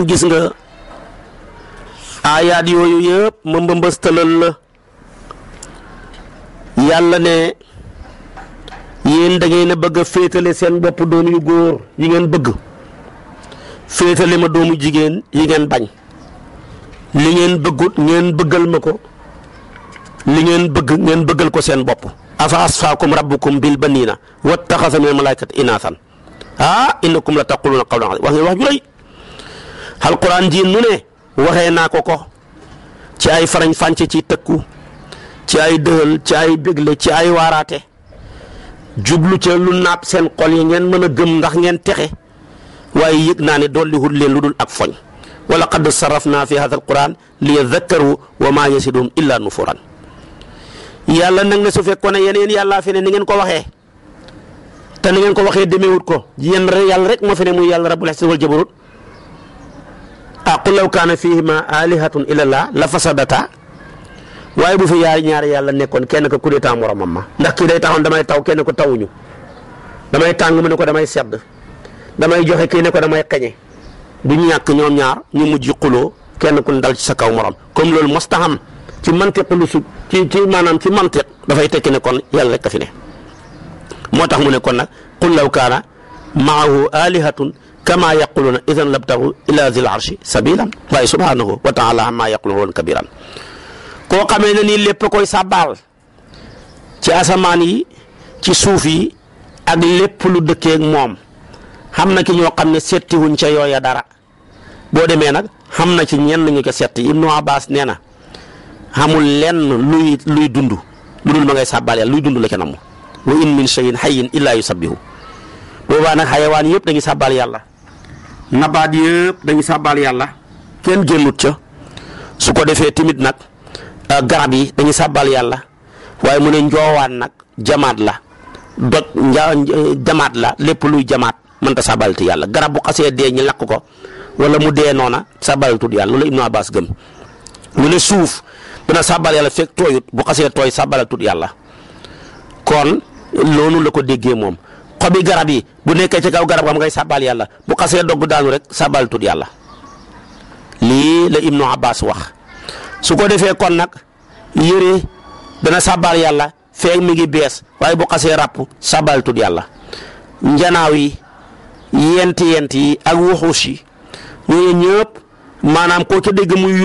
kon gis nga ayaat yooyu yëpp ma mbëmbëstalal la yàlla ne yéen da ngeen a bëgg féetale seen bopp doom yu góor yi ngeen bëgg féetale ma doomu jigéen yi ngeen bañ li ngeen bëggut ngeen bëggal ma ko li ngeen bëgg ngeen bëggal ko seen bopp afa asfaakum rabbukum bil baniina wattaxasa min al malaikati inaasan ah innakum la taquluuna qawlan wax nga wax ju alquran ji nu ne waxee naa ko ko ci ay farañ fànce ci tëkku ci ay dëhël ci ay bégle ci ay waaraate jublu ca lu naab seen xol yi ngeen mën a gëm ndax ngeen texe waaye yëg naa ne dollihul leen lu dul ak foñ wa laqad sarrafna fi hadha alquran li yadhakkaru wa ma yasidum illa nufuran yàlla nag na su fekkoon ne yeneen yàlla fi ne ni ngeen ko waxee te ni ngeen ko waxee demeewut ko yéen yàlla rek moo fi ne muy yàlla rabbul izzati wal jabarut ah qul law kaana fiihima alihatun illallah la la fasadata waaye bu fi yaari ñaari yàlla nekkoon kenn ko ku dee taa moromam ma ndax kii day taxoon damay taw kenn ko tawuñu damay tàng mu ne ko damay sedd damay joxe kii ko damay xeñe du ñàkk ñoom ñaar ñu mujj xuloo kenn ku dal ci sa kaw morom comme loolu mostaxam ci mantiq lu su ci ci maanaam ci dafay tekki ne kon yàlla rek a tax mu ne nag law kaana maahu alihatun kama yaquluuna idan labtaxu ila zil arshi sabilan waaye subhanahu wa taala amma yaquluun kabiran koo xamee na nii lépp koy sàbbaal ci asamaan yi ci suuf yi ak lépp lu dëkkee moom xam na ki ñoo xam ne settiwuñ ca ya dara boo demee nag xam na ci ñenn ñu ko setti Ibnu Abbas nee na xamul lenn luy luy dund lu dul ma ngay sàbbaal luy dund la ca namm wa in min shay'in hayyin illaa yusabbihu boobaa nag xayawaan yëpp dañuy sàbbaal yàlla nabaat yëpp dañu sàbbaal yàlla kenn génnut ca su ko defee tamit nag euh, garab yi dañu sàbbaal yàlla waaye mu ne njoowaan nag jamaat la doj nja euh, jamaat la lépp luy jamaat mënta sàbbalti yàlla garab bu xasee dee ñi lakk ko wala mu dee noona sàbbaltut yàlla loolu Ibnu Abbas gëm mu ne suuf dana sàbbal yàlla fekk tooyut bu xasee tooy sàbbalatut yàlla kon loolu la ko déggee moom xobi garab yi bu nekké ci kaw garab sabali ngay sàbbaal yalla bu xasse dogu daanu rek sàbbaal tud yalla li la ibnu abbas wax su ko defé kon nak yéré dana sàbbaal yalla fé mi ngi bes waye bu xasse yenti sàbbaal tud yalla njanaaw yi yent yent yi ak wuxuus yi ñooñu ñëpp maanaam koo ca dégg muy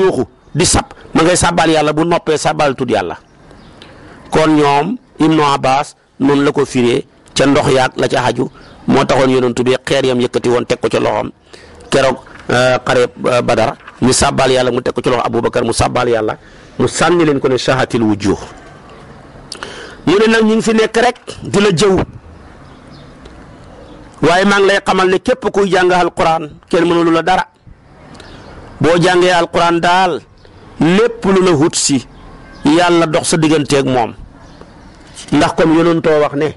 di sab ma ngay sàbbaal yalla bu noppé sàbbaal tud yalla kon ñom ibnu abbas non la ko firé ca ndox yaak la ca haju moo taxoon yonent bi xeer yam yëkkati woon teg ko ci loxoom keroog euh, xare euh, badar ñu sàbbaal yàlla mu teg ko ci loxo aboubacar mu sàbbaal yàlla mu sànni leen ko ne shahatil wujuh ñu ne nag ñu fi nekk rek di la jëw waaye maa ngi lay xamal ne képp kuy jàng alquran kenn mënulu la dara boo jàngee alquran daal lépp lu la hut si yàlla dox sa digganteeg moom ndax comme yonentoo wax ne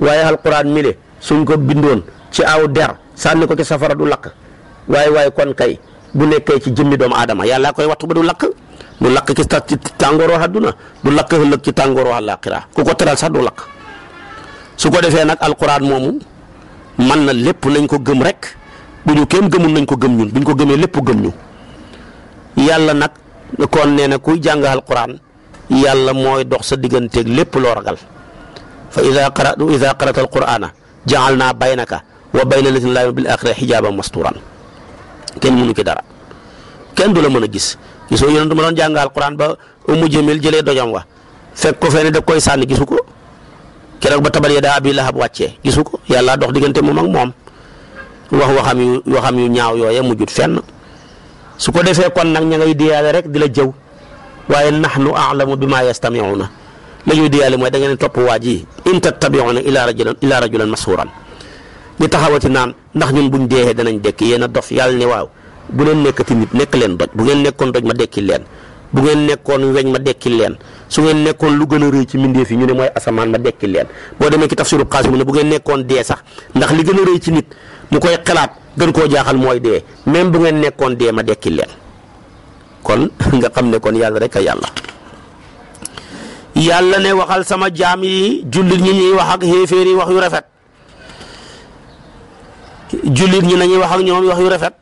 waaye alquran mi le su ko bindoon ci aw der sànni ko ci safara du lakk waaye waaye kon kay bu nekkee ci jëmmi doomu aadama yàlla koy wattu ba du lakk du lakk ci ci tàngooroo àdduna du lakk ëllëg ci tàngooroo àllaaxira ku ko teral sax du lakk su ko defee nag alquran moomu man na lépp nañ ko gëm rek bu ñu kenn gëmul nañ ko gëm ñun bu ñu ko gëmee lépp gëm ñu yàlla nag kon nee na kuy jàng alquran yàlla mooy dox sa digganteeg lépp loo ragal fa ida qara'tu ida qara'ta jaal naa baynaka wa bayna lazina laa yu'minuuna bil aaxirati xijaaban mastuuran kenn mënu ci dara kenn du la mën a gis gisoo yonent ma doon jàngal Alquran ba Ummu Jamil jëlee dojam wa fekk ko fee ne koy sànni gisu ko keroog ba tabat yadaa abii lahab wàccee gisu ko yàlla dox diggante mu ak moom wax waxam yu waxam yu ñaaw yooya mujjut fenn su ko defee kon nag ña ngay diyaale rek di la jëw waaye nahnu a'lamu bimaa na la ñuy diyaale mooy da ngeen topp waa ji in tattabi'una illa rajulan illa rajulan mashuran ñu taxawati naan ndax ñun buñ deexee danañ dekk yéen a dof yàlla ne waaw bu leen nekkati nit nekk leen doj bu ngeen nekkoon doj ma dekki leen bu ngeen nekkoon weñ ma dekki leen su ngeen nekkoon lu gën a rëy ci mbindeef yi ñu ne mooy asamaan ma dekki leen boo demee ci tafsiru Qaasim ne bu ngeen nekkoon dee sax ndax li gën a rëy ci nit mu koy xalaat gën koo jaaxal mooy dee même bu ngeen nekkoon dee ma dekki leen kon nga xam ne kon yàlla rek a yàlla yàlla ne waxal sama jaam yi jullit ñi ñuy wax ak xéeféer wax yu rafet jullit ñi nañuy wax ak ñoom wax yu rafet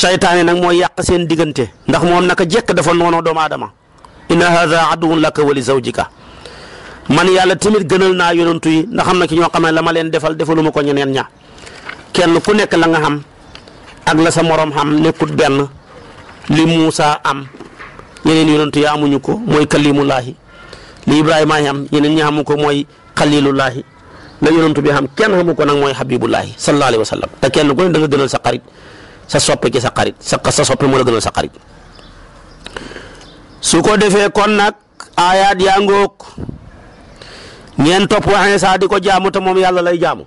saytaane nag mooy yàq seen diggante ndax moom nag naka jekk dafa noonoo doomu aadama inna haada aduwun laka wali zawjika man yàlla tamit gënal naa yonantu yi ndax xam na ci ñoo xam ne la ma leen defal defaluma ko ñeneen ña kenn ku nekk la nga xam ak la sa moroom xam nekkut benn li Muusa am yeneen yonantu ya amuñu ko mooy kalimullahi li ibrahima ay am yeneen ñi ko mooy xalilullahi la yonantu bi xam kenn xamu ko nag mooy habibullahi sallallahu alayhi wasallam. sallam te kenn ku ne da nga gënal sa xarit sa soppe ci sa xarit sa sa soppe mo la gënal sa xarit su ko defee kon nag ayat yaa ngoog topp di ko jaamu te moom yàlla lay jaamu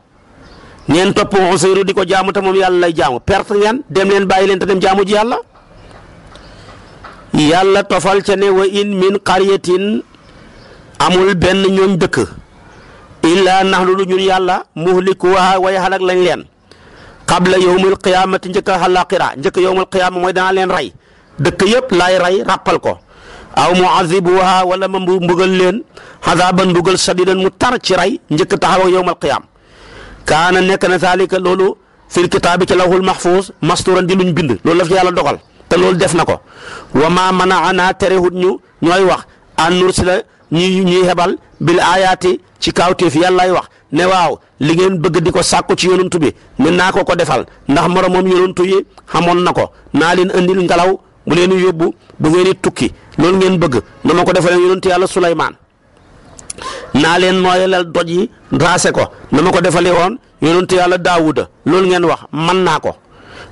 ngeen topp usiru di ko jaamu te moom yàlla lay jaamu perte ngeen dem leen bàyyi leen dem jaamu ji yàlla yàlla tofal ca ne wa in min qaryatin amul benn ñooñ dëkk illaa nahnu lu ñun yàlla muhlikuha way xalak lañ leen qabla yawmil qiyaamati njëkk a xalaqira njëkk yawmil qiyaama mooy danaa leen rey dëkk yëpp laay rey ràppal ko aw muazibuha wala ma mbugal leen xazaaban mbugal sadidan mu tar ci rey njëkk taxaw ak yawmal qiyaam kaana nekk na zaalika loolu fil kitaabi ci lawhul mahfuus masturan di luñ bind loolu la fi yàlla dogal te loolu def na ko wa ma manaana terewut ñu ñooy wax an nursila ñi ñuy hebal bil ayaati ci kaawteef yàllaay wax ne waaw li ngeen bëgg di ko sàkku ci yonantu bi ne naa ko ko defal ndax moromam yonantu yi xamoon na ko naa leen andil ngelaw bu leen yóbbu bu ngeen tukki loolu ngeen bëgg na ma ko defalee yonantu yàlla Suleymaan naa leen nooyalal doj yi raase ko na ko defalee woon yonantu yàlla Daawuda loolu ngeen wax man naa ko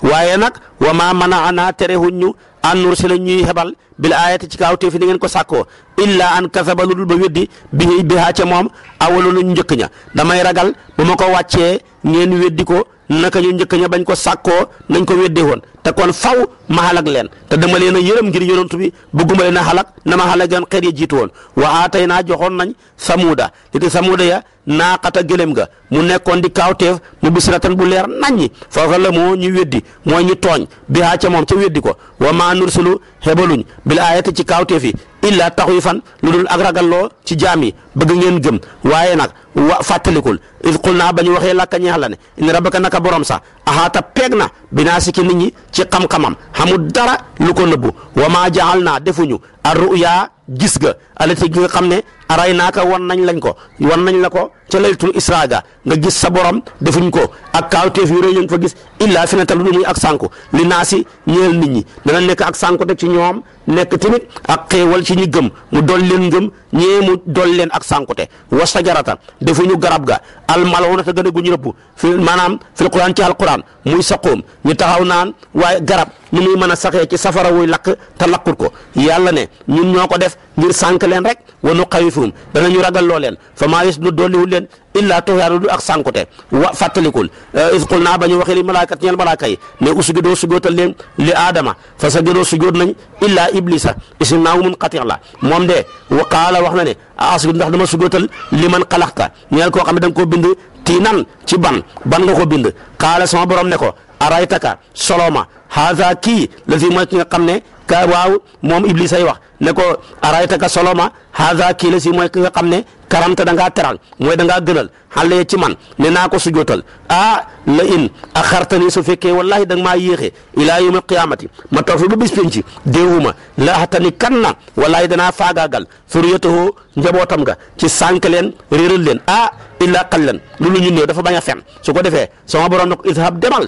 waaye nag wa maa manaanaa terewuñ ñu an nursila ñuy hebal bil aayati ci kaw téefi ni ngeen ko sàkkoo illa an kasaba lu dul ba weddi bi bihaa ca moom awalu ñu njëkk ña damay ragal bu ma ko wàccee ngeen weddi ko naka ñu njëkk ña bañ ko sàkkoo nañ ko weddee woon te kon faw ma xalag leen te dama leen a yërëm ngir yonantu bi bëgguma leen a xalag na ma xalag yoon xeet ya jiitu woon wa tey naa joxoon nañ samuuda li te samuuda ya naa naaqata gëlëm ga mu nekkoon di kaawteef mu bisratan bu leer naññi foofa la moo ñu weddi mooy ñu tooñ bi haa moom ca weddi ko wa maa nursulu hebaluñ bil aayati ci kaawteef yi illaa fan lu dul ak loo ci jaam yi bëgg ngeen gëm waaye nag wa fàttalikul id qul naa ba ñu waxee lakka ñeex la ne in rabbaka naka borom sax ahaata peeg na binaa siki ñi ci xam-xamam xamul dara lu ko nëbbu wa maa jaxal naa defuñu ar ruya gis ga alati gi nga xam ne aray naaka wan nañ lañ ko wan nañ la ko ca laytu isra ga nga gis sa borom defuñ ko ak kaawteef yu rëy ñu fa gis illaa fi na tal lu muy ak sànku li naa si ñeel nit ñi dana nekk ak sànku te ci ñoom nekk tamit ak xéewal ci ñi gëm mu dol leen gëm ñee mu dol leen ak sànkute wa sajarata defuñu garab ga almaluna ta gën a guñ rëbb fi maanaam fil quran ci alquran muy saqoom ñu taxaw naan waaye garab nu muy mën a saxee ci safara wuy lakk te lakkut ko yàlla ne ñun ko def ngir sànq leen rek wa nuxawwifuhum ñu ragal loo leen fa maa yus nu dolliwul leen illa tuxyaana du ak sànkute wa fàttalikul eh, is qul naa ba ñu waxee li malaakat ñeel malaaka yi ne usjudoo sujootal leen li aadama fa sajadoo sujoot nañ illaa iblisa isnaahu munqati' la moom de wa qaala wax na ne asjud ndax dama sujootal li man xalaqta ñeel koo xam ne da nga koo bind tii nan ci ban ban nga ko bind qaala sama borom ne ko araytaka soloma haada kii la si mooy ki nga xam ne ka waaw moom iblis ay wax ne ko araytaka soloma haza kii la si mooy ki nga xam ne karamta da ngaa teral mooy da ngaa gënal xale ci man ne naa ko sujootal ah la in axartani su fekkee wallahi da ma maa yéexee ilaa yawmil qiyaamati ma toog fi ba bis penci déewuma la axtani kan na wallahi danaa faagaagal suriyatahu njabootam nga ci sànq leen réeral leen ah illa qallan lu lu ñu néew dafa bañ a fen su ko defee sama borom na ko ishab demal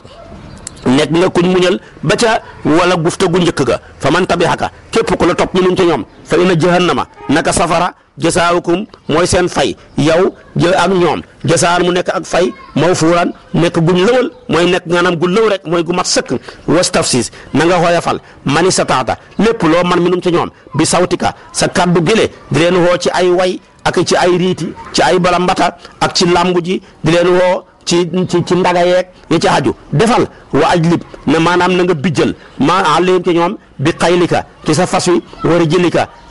nekk nga kuñ muñal ba ca wala bufta gu njëkk ga fa man tabixaka képp ku la topp minum ca ñoom fa ina jahannama naka safara jasaawukum mooy seen fay yow jë ak ñoom jasaan mu nekk ak fay mawfuuran nekk guñ lëwal mooy nekk maanaam gu lëw rek mooy gu mat sëkk wastafsis nanga nga xooyafal mani sa taata lépp loo man mi minum ca ñoom bi ka sa kaddu gile di leen woo ci ay way ak ci ay riiti ci ay bala mbata ak ci làmb ji di leen woo ci ci ci ndaga yeeg ya ci aju defal wa ajlib ne maanaam na nga bijjal ma àllim ci ñoom bi xaylika ci sa fas wi war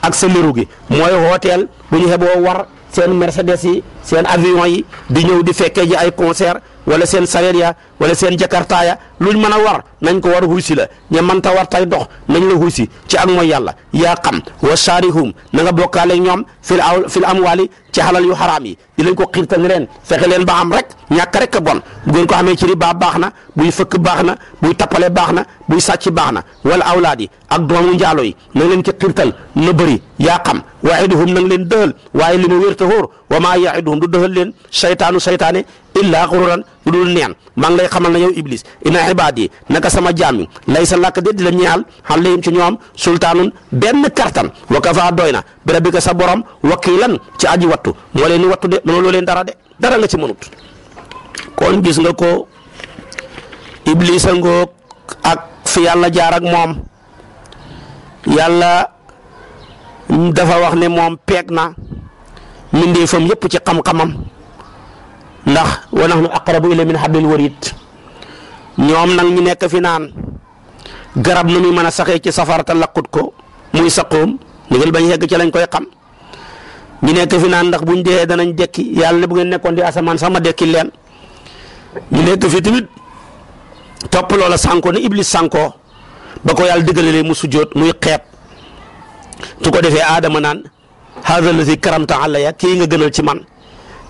ak sa liru gi mooy hôtel bu ñu xeboo war seen Mercedes yi seen avion yi di ñëw di fekkee ji ay concert wala seen sareet ya wala seen jakartaaya luñ mën a war nañ ko war huusi la ña mënta war tay dox nañ la huusi ci ak mooy yàlla yaa xam wa saarihum na nga bokkaale ñoom fil aw fil amwaali ci xalal yu xaraam yi di lañ ko xiirtal ne leen fexe leen ba am rek ñàkk rek a bon bu geen ko xamee ci riba baax na buy fëkk baax na buy tappale baax na buy sàcc baax na wala awlaad yi ak doomu njaalo yi na leen ci xiirtal na bëri yaa xam wa'iduhum na nga leen dëhal waaye li mu wér te wóor wa maa ya'iduhum du dëhal leen saytaanu saytaane illaa lu dul neen maa ngi lay xamal na yow iblis ina ibaad yi naka sama jaam yi lay sa làkk déet di la ñaal alayhim ci ñoom sultaanun benn kartan wa kafaa doy na bi rabbika sa borom wakiilan ci aji wattu moo leen ni wattu de mënuloo leen dara de dara la ci mënut kon gis nga ko iblis a ngoog ak fi yàlla jaar ak moom yàlla dafa wax ne moom peeg na mindee fam yëpp ci xam-xamam ndax wa nahnu aqrabu ila min hablil warid ñom nak ñu nekk fi naan garab nu muy mëna saxé ci safar ta lakkut ko muy saxum ndigal bañ yegg ci lañ koy xam ñu nekk fi naan ndax buñ danañ jekki yalla ne bu ngeen nekkon di asaman sama dekki leen ñu nekk fi timit top loola sanko ni iblis sanko ba ko yalla digalalee mu sujjoot muy xeeb tu ko defee aadama naan hadha allazi karamta alayya ki nga gënal ci man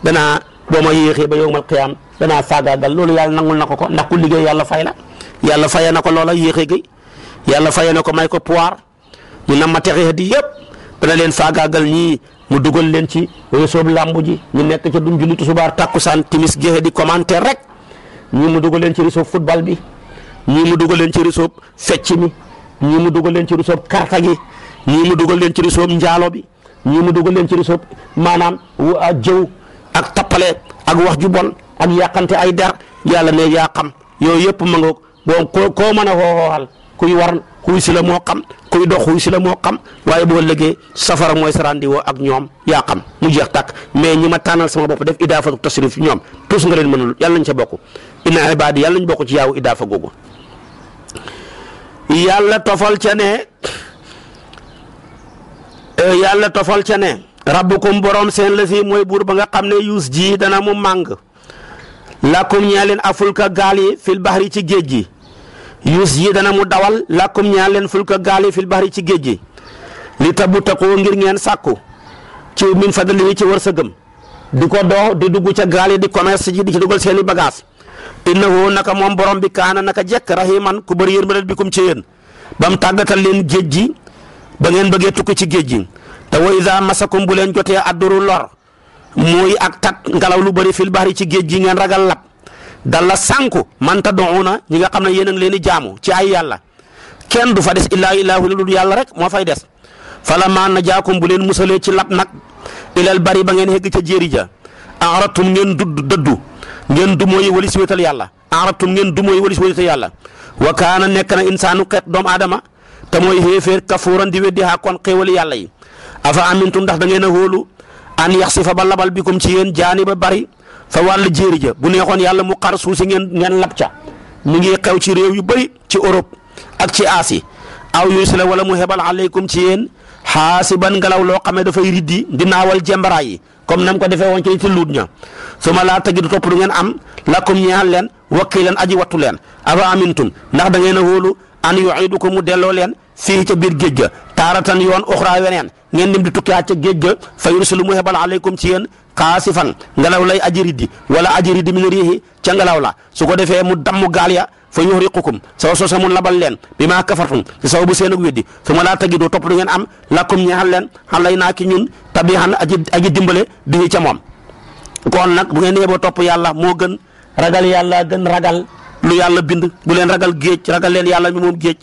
dana boo ma yéexee ba yowmal qiyaam danaa faagaagal loolu yàlla nangul na ko ko ndax ku liggéey yàlla fay la yàlla fay na ko loola yéexee gi yàlla fay na ko may ko pouvoir mu nam ma texee di yëpp dana leen faagaagal ñii mu dugal leen ci réseau làmb ji ñu nekk ca duñ julli tusubaar takkusaan timis géexe di commenter rek ñii mu dugal leen ci réseau football bi ñii mu dugal leen ci réseau fecc mi ñii mu dugal leen ci réseau karta gi ñii mu dugal leen ci réseau njaalo bi ñii mu dugal leen ci réseau maanaam ah, jëw ak tappale ak wax ju bon ak yàqante ay der yàlla ne yaa xam yooyu yëpp ma ngoog boo ko koo mën a xooxooxal kuy war xuy si la moo xam kuy dox xuy si la moo xam waaye boo lëggee safara mooy sarandi ak ñoom yaa xam mu jeex tàkk mais ñi ma tànnal sama bopp def idaafatu tasrif ñoom tus nga leen mënul yàlla nañ sa bokk inna ibaadi yàlla nañ bokk ci yaawu idaafa googu yàlla tofal ca ne eh, yàlla tofal rabbukum borom seen la mooy buur ba nga xam ne yuus ji dana mu màng làkkum ñaa leen afulka gaal yi fil baxri ci géej gi yuus ji dana mu dawal làkkum ñaa leen fulka gaal yi fil baxri ci géej gi li tabu takku ngir ngeen sàkku ci min fadlihi ci wërsëgam di ko doo di dugg ca gaal yi di commerce ji di ci dugal seeni bagaas bagage innahu naka moom borom bi kaana naka jekk rahiman ku bëri bi bikum ci yéen ba mu tàggatal leen géej gi ba ngeen bëggee tukki ci géej gi. te wa iza masakum bu leen jotee adduru lor mooy ak tat ngelaw lu bëri fil bahri ci géej gi ngeen ragal lab dalla sànku man tad'una ñi nga xam ne yéen a leen di jaamu ci ay yàlla kenn du fa des illaa ilaahu lu dul yàlla rek moo fay des falammaa najaakum bu leen musalee ci lab nag ilal bari ba ngeen hegg ca jéeri ja aratum ngeen dudd dëddu ngeen du mooy si wéetal yàlla aratum ngeen du mooy walis wéetal yàlla wa kaana nekk na insaanu xeet doomu aadama te mooy xéeféer kafuuran di weddi haa kon yàlla yi afa amintum ndax da ngeen a hóolu an yax si fa ba labal bikum ci yéen jaani ba bari fa wàll jéeri ja bu neexoon yàlla mu xar suuf si ngeen ngeen lab ca mu ngi xew ci réew yu bëri ci Europe ak ci Asie aw yursila wala mu hebal aleykum ci yéen xaasiban ngelaw loo xamee dafay riddi di naawal jembara yi comme nam ko defee woon ci nit luut ña so ma laa tëgg topp du ngeen am lakkum ñeexal leen wakkilan aji wattu leen afa amintum ndax da ngeen a hóolu an yuidu ko mu delloo leen fii ca biir géej ga taaratan yoon ngeen lim di tukki acc géej ga fa yursilu mu hebal aleykum ci yeen qasifan ngalaw lay ajiridi wala ajiri min rihi ca ngalaw la su ko defee mu damu gaal ya fa yuhriqukum saw labal len, bima kafartum ci saw bu seen weddi fa mala ngeen am lakum ñaxal leen xalay naa ki ñun tabihan aji aji dimbele di ci mom kon nak bu ngeen yebo top yalla mo gën ragal yalla gën ragal lu yalla bind bu len ragal geej ragal len yalla mi mom geej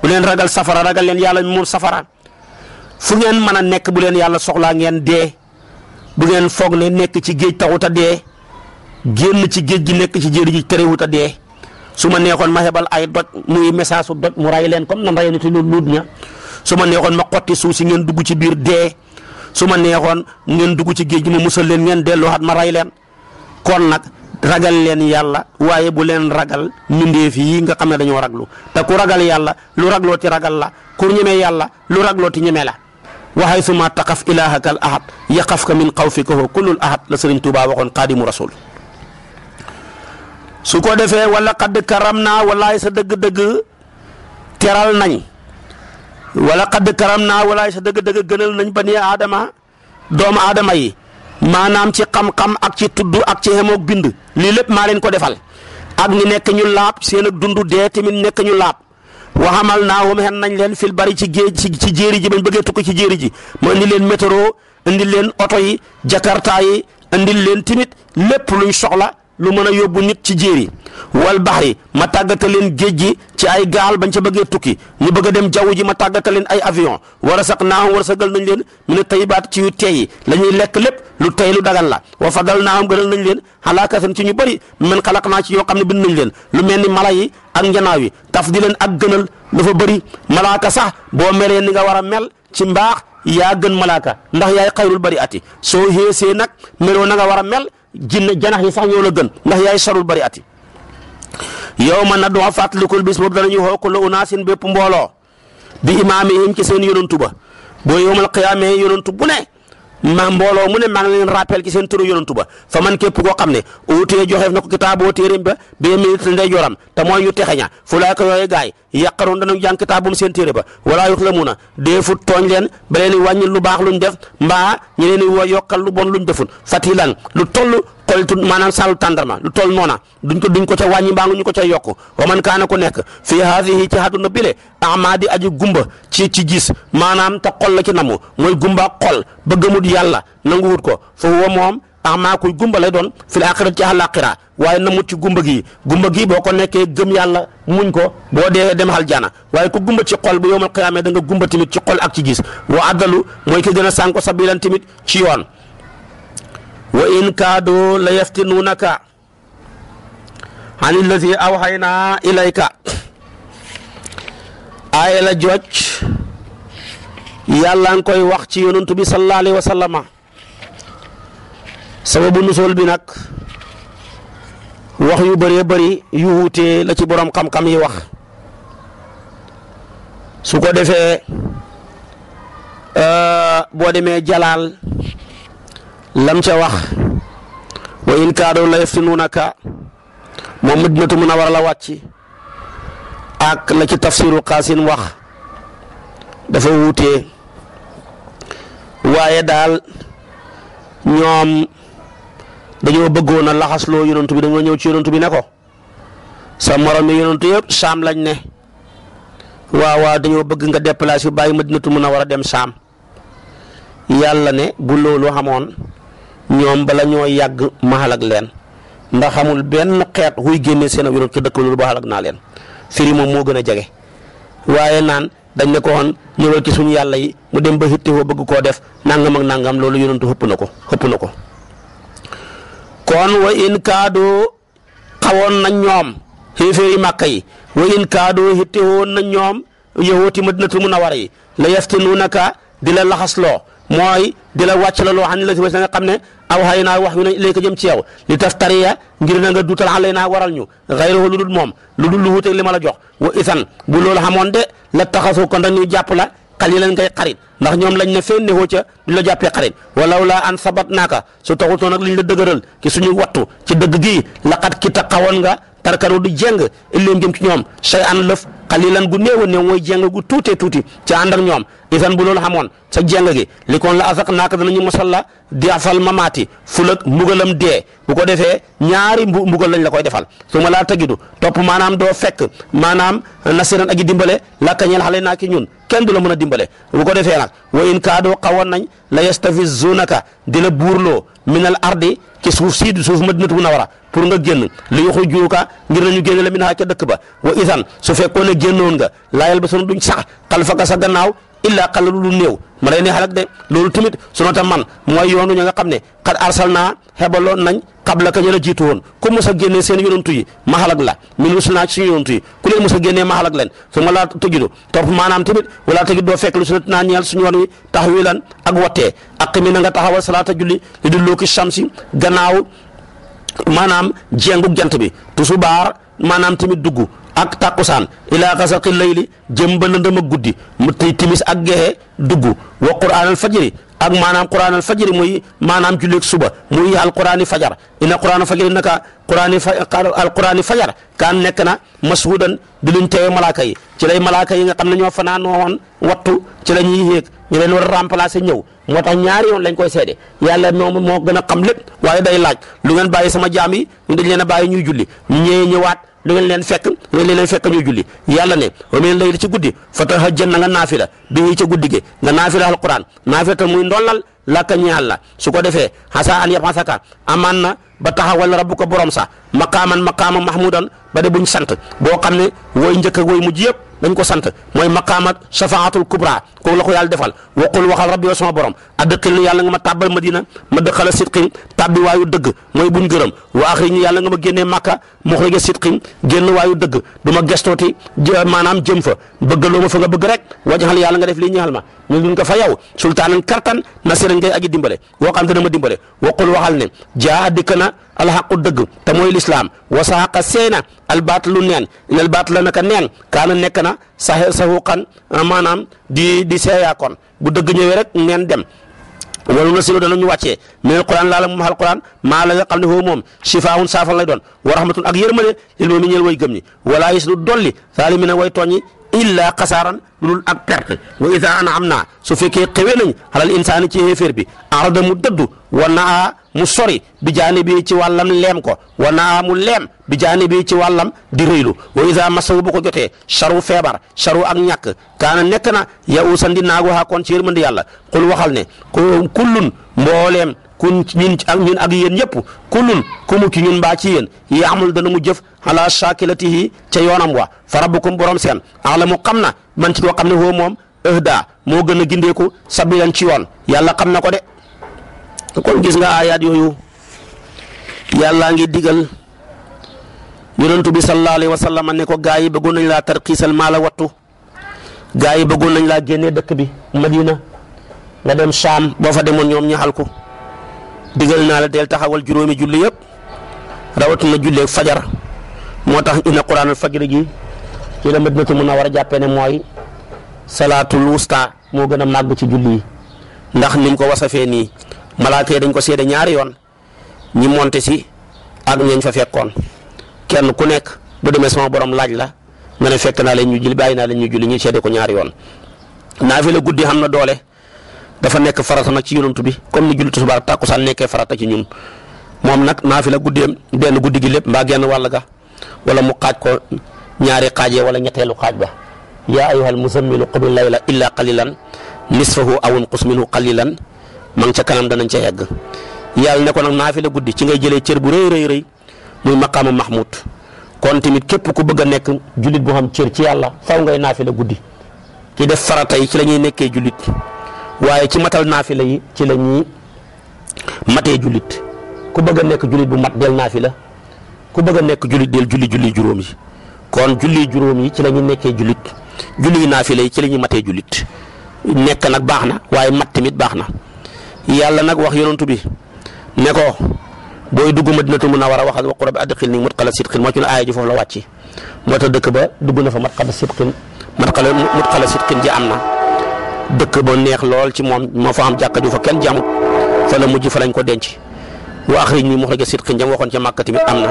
bu len ragal safara ragal len yalla mi mom safara fu ngeen mën a nekk bu leen yàlla soxlaa ngeen dee bu ngeen foog ne nekk ci géej taxut a dee génn ci géej gi nekk ci jéeri ji terewut a dee su ma neexoon ma hebal ay doj muy message su doj mu ray leen comme na ray nitu luut ña su ma neexoon ma xotti suuf si ngeen dugg ci biir dee su ma ngeen dugg ci géej gi ma musal leen ngeen ma ray leen kon nag ragal leen yàlla waaye bu leen ragal fi yi nga xam ne raglu te ku ragal yàlla lu ragloo ti ragal la ku ñeme yàlla lu ragloo ti ñeme la wa haythu ma taqaf ilahaka al ahad yaqafka min khawfika kullu al ahad la serigne touba waxon qadimu rasul su ko defee wala xadd karamna wala isa sa dëgg-dëgg teral nañ wala xadd karamna wala isa sa dëgg-dëgg gënal nañ ba nii aadama doomu aadama yi maanaam ci xam-xam ak ci tudd ak ci xemoog bind ko defal ak ñi nekk ñu laab seen ak ñu waxamal naa wam xen nañ leen fil bari ci géej ci jéeri ji bañ bëggee tukki ci jéeri ji ma indi leen météro indi leen oto yi jakarta yi indil leen timit lépp luñ soxla lu mën a yóbbu nit ci jéer yi wal baxri ma tàggata leen géej gi ci ay gaal bañ ca bëggee tukki ñu bëgg dem jaww ji ma tàggata leen ay avion war a sax naam war sagal nañ leen mu ne baat ci yu teey la ñuy lekk lépp lu tey lu dagan la wa fadal naam gënal nañ leen alaakasan ci ñu bari man xalaq naa ci yoo xam ne bind nañ leen lu mel ni mala yi ak njanaaw yi taf di leen ak gënal dafa bari malaaka sax boo meree ni nga war a mel ci mbaax yaa gën malaaka ndax yaay xayrul bari ati soo xeesee nag meroo na jinne janax yi sax ñoo la gën ndax yaay sarul bari ati yow man na duma fàttalikul bis dana danañu xoo ko la unaasin bépp mbooloo bi imaamihim ci seen yonantu ba boo yowmal qiyaamee yonantu bu ne ma mbooloo mu ne maa ngi leen rappel ci seen turu yonantu ba fa man képp koo xam ne utee joxeef na ko kitaaboo téeréem ba bee minit ndey joram te mooy ñu texe ña fulaaka yooyu gaay yàqaroon danañ jàng kitaabum seen téere ba walaa yuxlamuuna deefut tooñ leen ba leen wàññil lu baax lu def mbaa ñi leen woo yokkal lu bon luñ deful fatilan lu toll xoltu maanaam saalu tàndarma lu toll noona duñ ko duñ ko ca wàññi mbaa ñu ko ca yokk wa man kaana ko nekk fii haadihi ci àdduna bile ama di aji gumba ci gis maanaam te xol la ci namu mooy gumba xol ba gëmut yàlla nanguwut ko fa huwa moom ama kuy gumba lay doon fil aaxirat ci àllaaxira waaye mut ci gumba gii gumba gii boo ko nekkee gëm yàlla muñ ko boo dee dem aljana waaye ku gumba ci xol bu yowmal qiyaama da nga gumba tamit ci xol ak ci gis wa addalu mooy ki gën a sànko sabilan tamit ci yoon wa in kaadoo la yaftinuunaka an illazi awxaynaa ilayka aaya la jooj yàlla ngi koy wax ci yonantu bi sallallahu alayhi wa sababu nusool bi nag wax yu bëree bari yu wuute la ci boroom xam-xam yi wax su ko defee euh, boo demee jalaal lam ca wax wa in kaadu la yaftinunaka moom madinatu munawara la wacci ak la ci tafsirul qasin wax dafa wuute waaye daal ñoom dañoo bëggoon a laxasloo yonantu bi dañu ñew ci yonantu bi nako, sa morom yi yonantu yëpp saam lañ ne wa wa dañu bëgg nga déplacer bàyyi madinatu munawara dem sam, yalla ne bu lolu xamone ñoom bala ñoo yàgg ma leen ndax xamul benn xeet wuy génne seen ab yonent te dëkk loolu ba xalak naa leen firi moom moo gën a jege waaye naan dañ ne ko woon ñëwal ci suñu yàlla yi mu dem ba xitte foo bëgg koo def nangam ak nangam loolu yonentu xëpp na ko xëpp na ko kon wa in kaadoo xawoon na ñoom xéeféeri màkka yi wa in kaadoo xitte woon na ñoom yowooti madinatul war yi la yaftinuunaka di la laxasloo mooy di la wàcc la loo xam ne la si wes na nga xam ne aw xay naa wax yu ne lay ko jëm ci yow li taf ngir na nga duutal xan lay naa waral ñu xayrahu lu dul moom lu dul lu wuuteeg li ma la jox wa isan bu loolu xamoon de la taxasoo kon dañuy jàpp la xalilan ngay xarit ndax ñoom lañ ne fenn woo ca du la jàppee xarit walaw laa an sabat naaka su taxutoon nag liñ la dëgëral ki suñu wattu ci dëgg gi gii laqat ki taxawoon nga tarkaru du jeng illeen jëm ci ñoom shay an lëf xalilan gu néew new néew mooy jeng gu tuutee tuuti ci ànd ak ñoom isan bu loolu xamoon sa jeng gi li kon la asak naaka danañu mosal la defal mamaati fulak mbugalam dee bu ko defee ñaari mbu mbugal lañ la koy defal soo ma laa tagidu topp maanaam doo fekk maanaam nasiran ak i dimbale ka ñeel xale naa ki ñun kenn du la mën a dimbale bu ko defee nag wa in kaadoo xawoon nañ la yastafizunaka di la loo minal ardi ci suuf sii di suuf madinatu munawara pour nga génn li yoxu juuka ngir nañu génn la min haa ca dëkk ba wa isan su fekkoon ne génnoon nga la laayal ba sunu duñ sax xalfaka sa gannaaw illa qalla lu néew ma lay neexal ak de loolu tamit sunu tam man mooy yoonu ña nga xam ne xad arsal naa nañ xabla ka ñu la jiitu ku musa a seen yi ma xalak la min usna ci suñu yi ku leen musa a ma xalak leen su ma laa tëjudu tamit wala tagi do fek lu sunu naa ñal suñu yoon wi ak wattee ak mi nga taxawal salata julli li du loki shamsi gannaaw manam jengu jant bi manam tamit duggu ak takusan, ila xasaqi layli jembe ba lëndëm muti guddi mu tey timis ak gehe duggu wa Quran al fajri ak manam qur'an al fajri muy manam julek suba muy al Quran fajar ina Quran fajri naka qur'an al Quran fajar Kan nek na mashuudan di luñ tey malaaka yi ci lay malaaka yi nga xam ne ñoo won wattu ci la ñuy yéeg ñu leen war remplacer ñew moo ñaar yoon lañ koy sédé yalla mom mo gëna xam lepp waye day laaj lu ngeen bayyi sama jaam yi ñu dañ leena bayyi ñuy julli lu ngeen leen fekk lu ngeen leen fekk julli yàlla ne wa min layli ci guddi fa tahajjat na nga naafila bi ci guddi gi nga naafila alquran naafila muy ndollal làkka ñaal la su ko defee xasa an yabxasaka amaan na ba taxawal ko borom sa maqaaman maqaama mahmudan ba de buñ sant boo xam ne woy njëkk ak woy mujj yëpp dañ ko sant mooy maqaamat shafaatul kubra kooku la ko yàlla defal waqul waxal rabbi yow sama borom adxil ni yàlla nga ma tàbbal madina ma dëxala sidqin tàbbi waayu dëgg mooy buñ gërëm wa axrij ni yàlla nga ma génnee màkka muxrija sidqin génn waayu dëgg du ma gestooti maanaam jëm fa bëggaloo ma fa nga bëgg rek wajaxal yàlla nga def lii ñaxal ma dañ koy aji dimbale woo xam te dama dimbale waqul waxal ne jaa dikk na alxaqu dëgg te mooy lislaam wasaaqa seena albaatlu neen nel baat la naka neen kaana nekk na saxe saxuqan maanaam di di seeyaakoon bu dëgg ñëwee rek neen dem wala na silo danañu wàccee minel quran laala moom alquran maa la nga xam ne foofu moom shifaahun saafal lay doon wa rahmatun ak yërmande lil mu'minin ñeel way gëm ñi wala yis du dolli zaalimiina way tooñi illa xasaaran lu dul ak perte wa ida anam naa su fekkee xewee nañ xalal insaani ci xéeféer bi arada mu dëddu wa naa mu sori bi jaanibi ci wàllam leem ko wa naa mu leem bi jaanibi ci wàllam di rëylu wa ida masawu bu ko jotee charu feebar charu ak ñàkk kaana nekk na ya usan di naagu xaakoon ci yërmandi yàlla qul waxal ne kullun mbooleem kun ñun ak ñun ak yéen ñëpp kullun kumu ci ñun baa ci yéen yaamul dana mu jëf ala shakilatihi ca yoonam wa fa rabbukum boroom seen alamu xam na man ci koo xam ne woo moom ëhda moo gën a gindeeku sabilan ci yoon yàlla xam na ko de kon gis nga ayaat yooyu yàllaa ngi digal yonentu bi sallallahu alayhi wa sallam ne ko gaa yi bëggoon nañ laa tarxiisal maa la wattu gaa yi bëggoon nañ laa génnee dëkk bi madina nga dem saam boo fa demoon ñoom ñaxal ko digal naa la del taxawal juróomi julli yëpp rawatina julleeg fajar moo tax inna quraanal fajri ji ci a war a jàppee ne mooy salaatul wusta moo gën a màgg ci julli yi ndax ni ko wasafee nii malaaka yi dañ ko seede ñaari yoon ñi monte si ak ñañ fa fekkoon kenn ku nekk bu demee sama borom laaj la nga ne fekk naa leen ñu julli bàyyi naa leen ñu julli ñu seede ko ñaari yoon naa fi la guddi xam na doole. dafa nekk farata nag ci yonantu bi comme ni jullitu subaar tàkkusaan nekkee farata ci ñun moom nag naafila guddeem benn guddi gi lépp mbaa genn wàll ga wala mu xaaj ko ñaari xaajee wala ñetteelu xaaj ba yaa ayyuhal muzammilu qumil layla illa qalilan nisfahu aw unqus minhu qalilan ma ngi ca kanam danañ ca yegg yàlla ne ko nag naafila guddi ci ngay jëlee cër bu rëy rëy rëy muy maqaama mahmud kon tamit képp ku bëgg a nekk jullit boo xam cër ci yàlla faw ngay naafila guddi ki def farata yi ci la ñuy nekkee jullit waaye ci matal naafila yi ci la ñuy matee jullit ku bëgg a nekk jullit bu mat del la ku bëgg a nekk jullit del julli julli juróom yi kon julli juróom yi ci la ñu nekkee jullit julli naafila yi ci la ñuy matee jullit nekk nag baax na waaye mat tamit baax na yàlla nag wax yenoon bi ne ko booy dugg madinatu munawwara waxal wa a war a waxal moo ci a aaya ji foofu la wàcc moo tax dëkk ba dugg na fa mudxala sidqin mudxala mudxala sidqin ji am na dëkk ba neex lool ci moom ma fa am jàkka ju fa kenn jàmm fa la mujj fa lañ ko denc wa axrij ni muxraja sidqin jam waxoon ca màkka tamit am na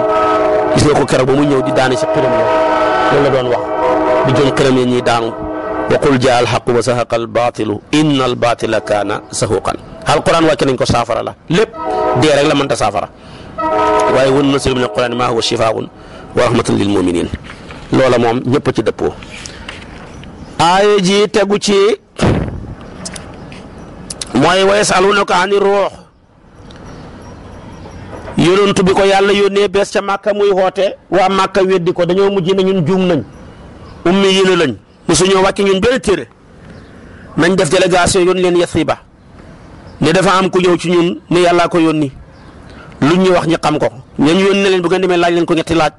gis nga ko kër ba mu ñëw di daane ci xiram la loolu la doon wax di jëm xiram yi ñi daanu wa qul jaa haqq wa sahaqa albaatilu inna albaatila kana sahuqan qur'an wa kenn ko safara la lepp de rek la ta safara waye wun nasiru min qur'an ma huwa shifaun wa rahmatun lil muminin loola moom ñëpp ci dëppoo aaye ji tegu ci mooy wa yasalunaka ani ruux yonent bi ko yàlla yónnee bees ca màkka muy xoote waa màkka weddi ko dañoo mujj ne ñun juum nañ ummi yi lañ mosuñoo wàcc ñun benn téere nañ def délégation yoon leen ba ne dafa am ku ñëw ci ñun ne yàllaa ko yónni luñ ñu wax ñu xam ko ñañ yónni leen bu ngeen demee laaj leen ko ñetti laaj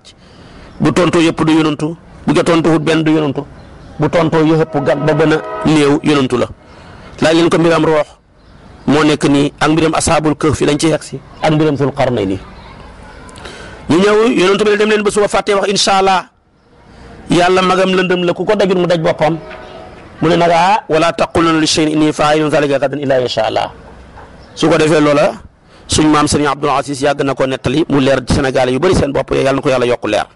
bu tontoo yëpp du yonantu bu ca tontuwut benn du yonantu bu tontoo yëpp gan ba gën a néew yonantu la. laaj leen ko mbiram roox moo nekk nii ak mbiram asaabul kahf fi lañ ci yegg si ak mbiram sul ni ñu ñëw yonent bi dem leen ba suba fàttee wax incha allah yàlla magam lëndëm la ku ko dajul mu daj boppam mu ne nag ah wala taqulun li shay'in inni faa'ilun zalika gadan illaa incha allah su ko defee loola suñ maam sëriñ Abdul Aziz yàgg na ko nettali mu leer Sénégal yu bëri seen bopp yàlla na ko yàlla yokku leer.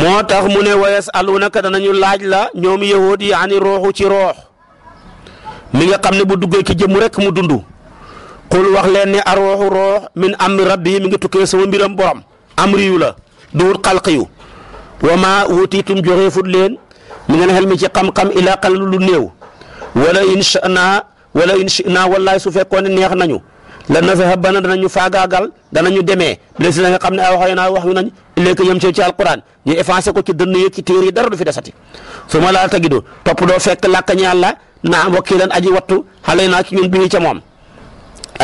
moo tax mu ne wa yasalunaka ñu laaj la ñoom yahudi ani ci ruux mi nga xam ne bu duggee ki jëmm rek mu dund qul wax leen ne arooxu roox min amri rabbi mi ngi tukkee sama mbiram borom amri yu la duwut xalq yu wa ma wutiitum joxeefut leen mi ngeen xel mi ci xam-xam ilaa qalil lu néew wala incha naa wala incha naa wallaay su fekkoon ne neex nañu la nazahabana danañu faagaagal danañu demee les na nga xam ne ay waxee naa wax yu nañ léegi yem ci ci alquran ñu effacé ko ci dënn yeeg ci téere yi dara du fi desati su ma laa tagidu topp doo naam wakiilan aji wattu xale naa ki ñun bii ca moom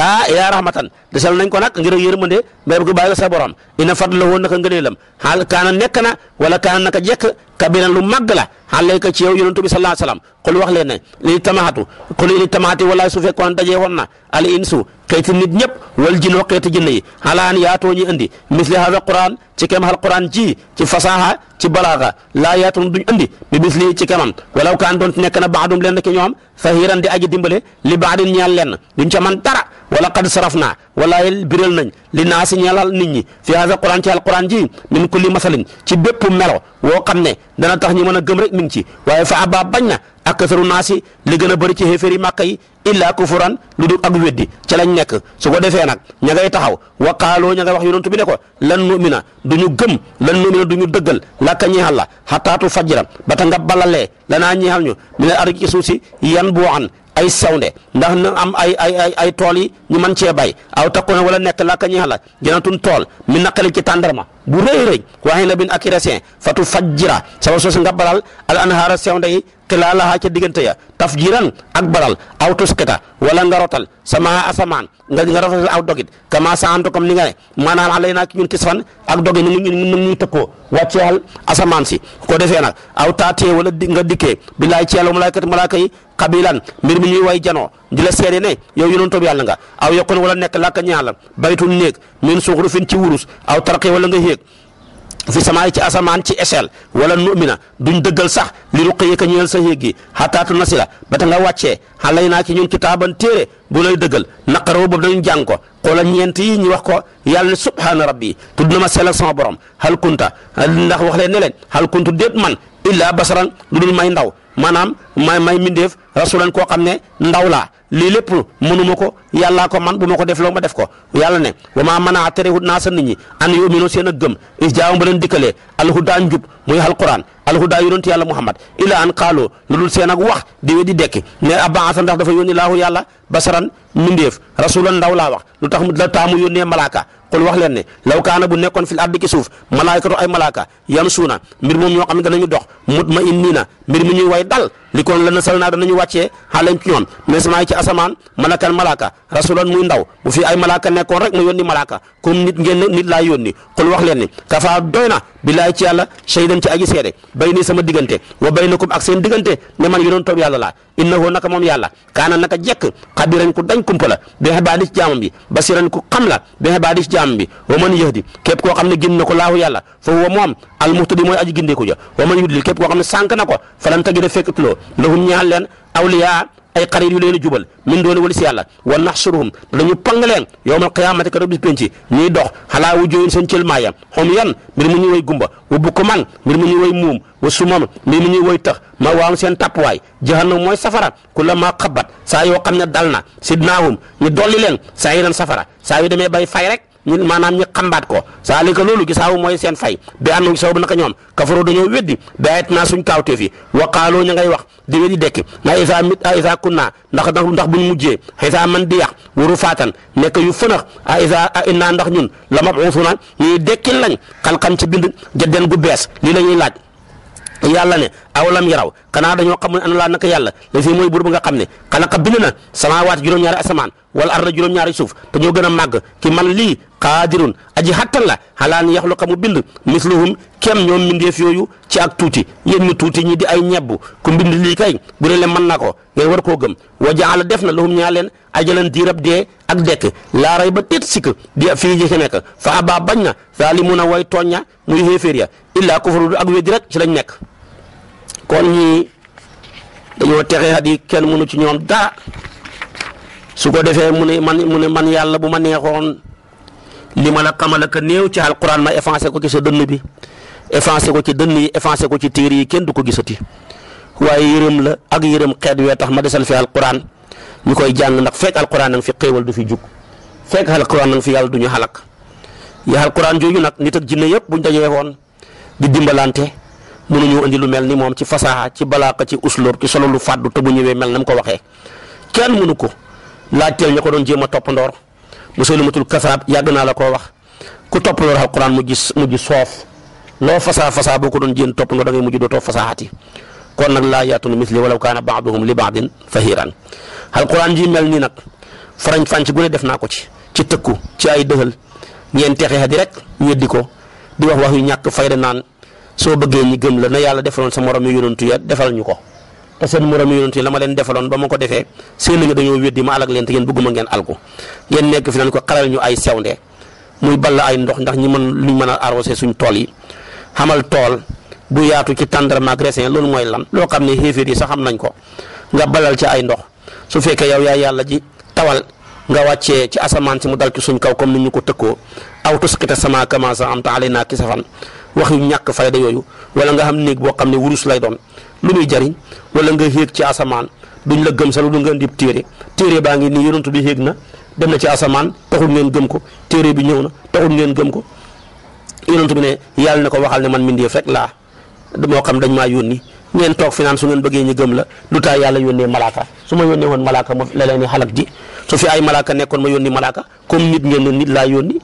ah yaa rahmatan desal nañ ko nag ngir yërmande mbéy ko bàyyi sa borom ina fadla woon naka ngëneelam xaal kaana nekk kaana naka jekk kabiran lu màgg la alayka ci yow yonentu bi sallallahu alayhi wasallam qul wax leen ne li tamaxatu qul li tamaxati wala su fekkoon dajee woon na al insu xeeti nit ñëpp wal jin wa xeeti jinne yi xalaan yaatoo ñu indi misli hada quran ci kem xal quran ji ci fasaha ci balaaga laa yaatoon duñ indi bi misli ci kemam walaw kaan doon nekk na baadum leen ki ñoom fahiran di aji dimbale li baadin ñaan leen duñ ca man dara wala qad sarafna walaaye biral nañ li naa si ñeelal nit ñi fi haasa quran ci alquran ji min kulli masalin ci bépp melo woo xam ne dana tax ñi mën a gëm rek mi ngi ci waaye fa abaa bañ na akasaru naa si li gën a bëri ci xéeféeri màkka yi illaa kufuran lu dul ak weddi ca lañ nekk su ko defee nag ña ngay taxaw waqaaloo ña ngay wax yonent bi ne ko lan nu'mina du ñu gëm lan nu'mina du ñu dëggal lakka ñeexal la xataatu fajira ba ta nga balalee lanaa ñeexal ñu mi ne argi suuf si yan boo an ay sewnde ndax na am ay ay ay ay tool yi ñu mën cee bay aw takkoon wala nekk làkk ñeex la janatun tool mi naqali ci tàndarma bu rëy rëy waaye la bin ak resin fatu fajjira sama sos nga balal al anhaara sew nday xilaalaha ca diggante ya tafjiran ak baral aw tuskita wala nga rotal sama asamaan nga nga rotal aw dogit kama saantu comme ni nga ne maanaam alay naa ki ñun kisfan ak dogit ni ñu ni ñuy tëkkoo wàcceexal asamaan si ko defee nag aw taatee wala nga dikkee billaay ci yàlla malaakati malaaka yi xabilan mbir mi ñuy way janoo di la seede ne yow yonent bi yàlla nga aw yokkoon wala nekk lakka ñaala baytul néeg min suxrufin ci wurus aw tarqi wala nga yéeg fi samaay ci asamaan ci échelle wala nu'mina duñ dëggal sax li ruqi ka ñeel sa yéeg gi xataatu nasila ba ta nga wàccee xalay naa ki ñun kitaaban téere bu lay dëggal naqaroo boobu dañu jàng ko xoola ñeent yi ñu wax ko yàlla ne subhaana rabbi tudd na ma selal sama borom hal kunta ndax wax leen ne leen hal kuntu déet man illaa basaran lu dul may ndaw maanaam may may mindeef rasulan koo xam ne ndaw laa li lépp mënuma ko yàllaa ko man bu ma ko def loo ma def ko yàlla ne wa maa mën a terewut naa sa nit ñi an yuminu seen ak gëm is jaawam ba leen dikkalee alhudaa njub muy alquran alhudaa yonent yàlla muhammad ila an qaaloo lu dul seen ak wax di we di dekki ne abaasa ndax dafa yónni laahu yàlla basaran mindeef rasulan ndaw laa wax lu tax la taamu yónnee malaaka qul wax leen ne law kaana bu nekkoon fil ardi ci suuf malaaykatu ay malaaka yan suuna mbir moom ñoo xam ne danañu dox mut m in nii na mbir mi ñuy way dal li kon la nasal naa danañu wàccee xaaleen ci ñoom mais samaay ci malaaka rasulan muy ndaw bu fi ay malaaka nekkoon rek mu yónni malaaka comme nit ngeen nit laa yónni kafaa doy na ci yàlla shaydan ci aji seede bay sama diggante wa baynakum ak seen diggante ne man yonoon toob yàlla laa innahu naka moom yàlla kaana naka jekk xabiran ku dañ kumpa la bi xibaadi ci jaamam bi basiran ku xam la bi xibaadi ci jaamam bi wa man yahdi képp koo xam ne gindi na ko laahu yàlla fa huwa moom almuhtadi mooy aji gindeeku ja wa man yudlil képp ko ay xarit yu leen a jubal min doon wali si yàlla wa naxsuruhum te dañu pang leen yawmal qiyaamati ka bis penci ñuy dox xalaa wu jooyin seen cël maaya xom yan mbir mu ñuy way gumba wa bukuman mbir mu ñuy way muum wa sumam mbir mu ñuy way tax ma waam seen tàppwaay jahannam mooy safara ku la maa xabat saa yoo xam ne dal na sidnaahum ñu dolli leen saa yi nan safara saa yu demee bay fay rek ñu maanaam ñu xambaat ko saa saalika loolu gisaawu mooy seen fay bi àndoon saw bu naka ñoom kafaroo dañoo weddi baayet naa suñ kaawtee fi waqaaloo ña ngay wax di weddi dekki na isa mit a isa kunna ndax ndax ndax buñ mujjee isa man di yax waru faatan nekk yu fënax a isa a inna ndax ñun la mabuusuna ñuy dekkil lañ xalxan ci bind jëddeen gu bees lii la ñuy laaj yàlla ne awalam yaraw xanaa dañoo xamul ana laa naka yàlla la fii mooy buur bu nga xam ne xalaqa bind na samaawaat juróom-ñaari asamaan wala arda juróom-ñaari suuf te ñoo gën a màgg ki man lii qaadirun aji xattan la xalaa ni yaxluqa mu bind misluhum kem ñoom mbindeef yooyu ci ak tuuti yéen tuuti ñi di ay ñebbu ku bind lii kay bu le man mën na ko ngeen war koo gëm wa la def na lahum ñaa leen ajalan diirab dee ak dekk laa ray ba tet sikk di fii ji nekk fa abaa bañ na zaalimuuna way tooñña muy xéeféer ya illaa kufru ak weddi rek ci lañ nekk kon ñi dañu téxé hadi kenn mënu ci ñoom da su ko défé mu ne man mu ne man yalla buma ma neexoon li la xamal ak neew ci alquran ma effacé ko ci sa dënn bi effacé ko ci dënn yi effacé ko ci téré yi kenn du ko gisati waye yërem la ak yërem xéet wé tax ma desal fi alquran ñu koy jàng alquran nang fi xéewal du fi jug fekk alquran nang fi yalla du halak ya alquran joju nak nit ak jinne yépp buñ dajé won di dimbalante mënuñu andi lu mel ni ci fasaha ci balaqa ci usloob ci solo lu faddu te bu ñewé mel nam ko waxé kenn mënu ko la tel ñako doon jema top ndor ndoor kasab yag na la ko wax ku top lor alquran mu gis mu gis sof lo fasaa fasaa bu ko doon jeen top ndor da ngay top fasahati kon nak la misli walau kana ba'dhum li ba'din fahiran alquran ji mel ni nag farañ fan gu def na ko ci ci tëkku ci ay dëhal ñeen di rek ñeddi ko di wax wax yu ñak fayda nan so bëggee ñi gëm la na yàlla defaloon sa morom yonentu ya defal ñu ko te seen morom yonantu yi la ma leen defaloon ba ma ko defee seen nga dañoo weddi ma alag leen te ngeen bëgguma ngeen alku ngeen nekk fi naan ko xaral ñu ay sewnde muy ball ay ndox ndax ñi mën luñ mën a arrosé suñ tool yi xamal tool bu yaatu ci loolu mooy lan loo xam ne xéeféer yi sax xam nañ ko nga balal ci ay ndox su fekkee yow yaa yàlla ji tawal nga wàccee ci asamaan si mu dal ci suñ kaw comme ni ñu ko tëkkoo aw sama kama sa am alayna kisafan wax yu ñàkk fayda yooyu wala nga xam néeg boo xam ne wurus lay doon lu muy jariñ wala nga yéeg ci asamaan duñ la gëm sa lu nga di téere téere baa ngi nii yonent bi yéeg na dem na ci asamaan taxul ngeen gëm ko téere bi ñëw na taxul ngeen gëm ko yonent bi ne yàlla na ko waxal ne man mbindeef rek laa moo xam dañ maa yónni ngeen toog fi naan su ngeen bëggee ñu gëm la lu taa yàlla yónnee malaaka su ma yónnee woon malaaka ma la leen xalak ji su fi ay malaaka nekkoon ma yónni malaaka comme nit ngeen ne nit laa yónni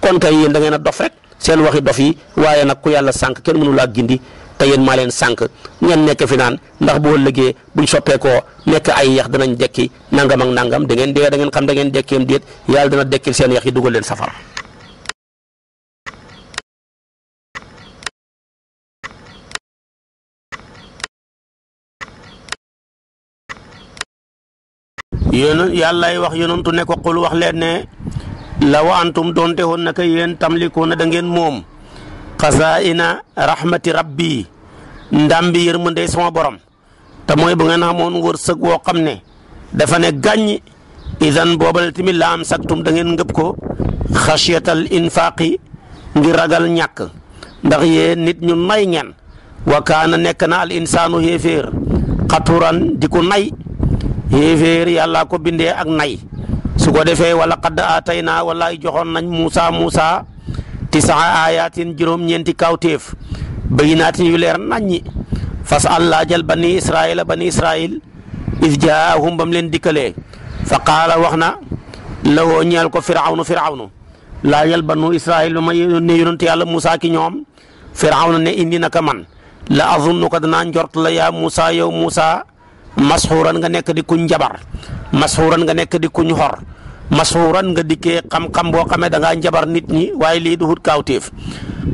kon yéen da a dof rek seen waxi dof waaye nag ku yàlla sànq kenn mënu laa gindi te yéen maa leen sànq ngeen nekk fi naan ndax boo ëllëgee buñ soppeekoo nekk ay yax danañ dekki nangam ak nangam da ngeen dee da ngeen xam da ngeen dekkeem déet yàlla dana dekkil seen yax yi dugal leen safara yéen yàllaay wax yonantu ne ko qul law antum doonte woon naka yéen tamlikuuna da ngeen moom xasaa'ina rahmati rabbi ndàmbi yërmande sama borom te mooy bu ngeen xamoon wërsëg woo xam ne dafa ne gàññ idan boobal tamit la am saktum da ngeen ngëb ko xasiyatal infaaqi ngi ragal ñàkk ndax yee nit ñu nay ngeen wa kaana nekk na al insaanu xéeféer xaturan di ko nay xéeféer yàlla ko bindee ak nay su ko defee wala qad aataynaa walaay joxoon nañ Moussa Moussa tisaa ayatin juróom-ñeenti kawteef bayinaatin yu leer naññi fas al laajal bani israila bani israil is jaahum bam leen dikkalee fa qaala wax na lawoo ñeel ko firawnu firawnu laajal banu israil ba ma ne yonent yàlla Moussa ki ñoom firawna ne indi ka man la azunnu ko danaa njort la yaa Moussa yow Moussa masxuuran nga nekk di kuñ jabar masuran nga nek di kuñ hor masuran nga dikke xam-xam bo xame da nga njabar nit ñi way li duhut hut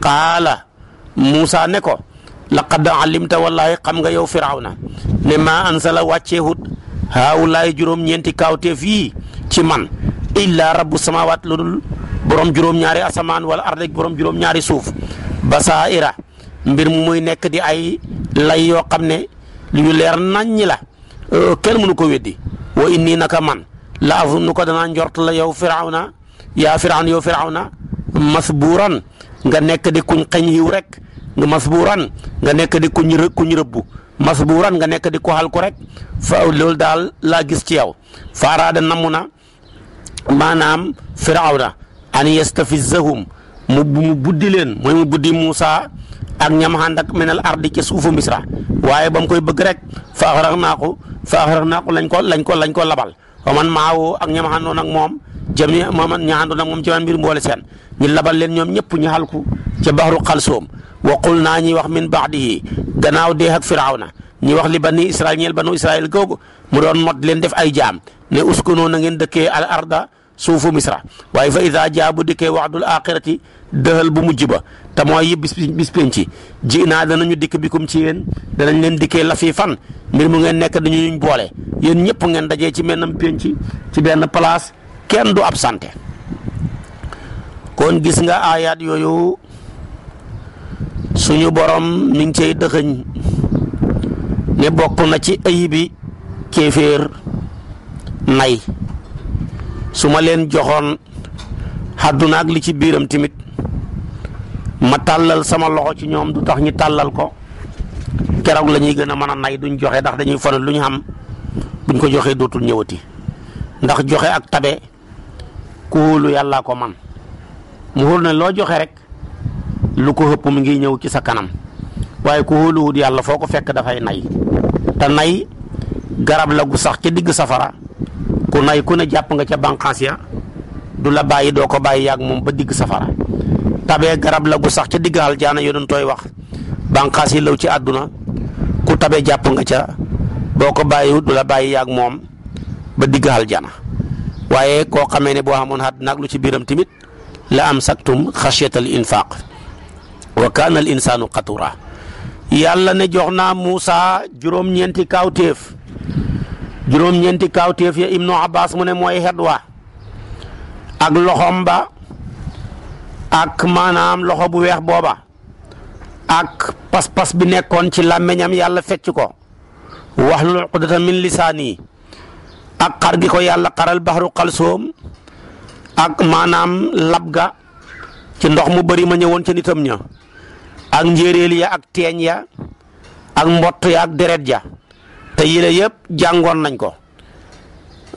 qala musa ne ko laqad alimta wallahi xam nga yow fir'auna ne ma anzala wàccee hut haawulaay juróom ñeenti kaawteef yii ci man illa rabbus samawati lul borom juróom ñaari asaman wal ardi borom juróom ñaari suuf basaira mbir mu muy nek di ay lay yo xamne ne leer nañ la kel mënu ko weddi wa inni naka man la azunnu ko danaa njort la yow firawna yaa firawn yow firawna masbuuran nga nekk di kuñ xëñ yiw rek nga masbuuran nga nekk di kuñ rë kuñ rëbbu masbuuran nga nekk di ko xal ko rek fa loolu daal laa gis ci yow faaraada namu na maanaam firawna an yastafizahum mu mu buddi leen mooy mu buddi Muusa ak ñam ànd ak menal ardi ci suufu Misra waaye ba mu koy bëgg rek fa axraq naa ko fa axira naa ko lañ ko lañ ko lañ ko labal wa man maawo ak ña ma àndoon ak moom jami ma man ña àndoon moom jaman mbir mboole seen ñu labal leen ñoom ñëpp ñu xal ku ca baxru xalsoom wa qul naa ñuy wax min baadihi gannaaw dee ak firawna ñi wax li bani israil ñeel banu israil googu mu doon mot leen def ay jaam ne uskunoo na ngeen dëkkee al arda suufu misra waaye fa isaa jaa bu dikkee waxdul axirati dëxal bu mujj ba te mooy yëpp bis bis ji naa danañu dikk bikum ci yéen danañ leen dikkee la fan mbir mu ngeen nekk dañu ñu boole yéen ñëpp ngeen dajee ci mennam penci ci benn place kenn du absente kon gis nga aayaat yooyu suñu borom mi ngi cay dëxëñ ne bokk na ci ayibi kéeféer nay su ma leen joxoon àdduna ak li ci biiram tamit ma tàllal sama loxo ci ñoom du tax ñu tàllal ko keroog la ñuy gën a mën a nay duñ joxe ndax dañuy fone lu ñu xam buñ ko joxee dootul ñëwati ndax joxe ak tabe ku wóolu yàllaa ko man mu wóolu ne loo joxe rek lu ko xëpp mu ngi ñëw ci sa kanam waaye ku wóoluwut yàlla foo ko fekk dafay nay te nay garab la gu sax ca digg safara ku nay ku ne japp nga ca banqaas ya du la bayyi do ko bayyi yak mom ba dig safara tabe garab la gu sax ca digg aljaana yonun toy wax banqaas yi law ci aduna ku tabe japp nga ca boko bayyi du la bayyi yak mom ba digal jana waye ko xamee ne boo xamoon xat lu ci biram timit la am saktum xasiyat al infaq wa kana al insanu qatura Yalla ne joxna Musa jurom ñenti kawteef juróom ñeenti kawteef ya ibnu abbas mu ne mooy xet wa ak loxom ba ak maanaam loxo bu weex booba ak pas-pas bi nekkoon ci làmmeñam yàlla fecc ko wax qudata min lisaani ak xar gi ko yàlla xaral baxru xalsoom ak maanaam labga ci ndox mu bari ma ñëwoon ci nitam ña ak njéeréel ya ak teeñ ya ak mbott ya ak deret ja te yile yëpp jàngoon nañ ko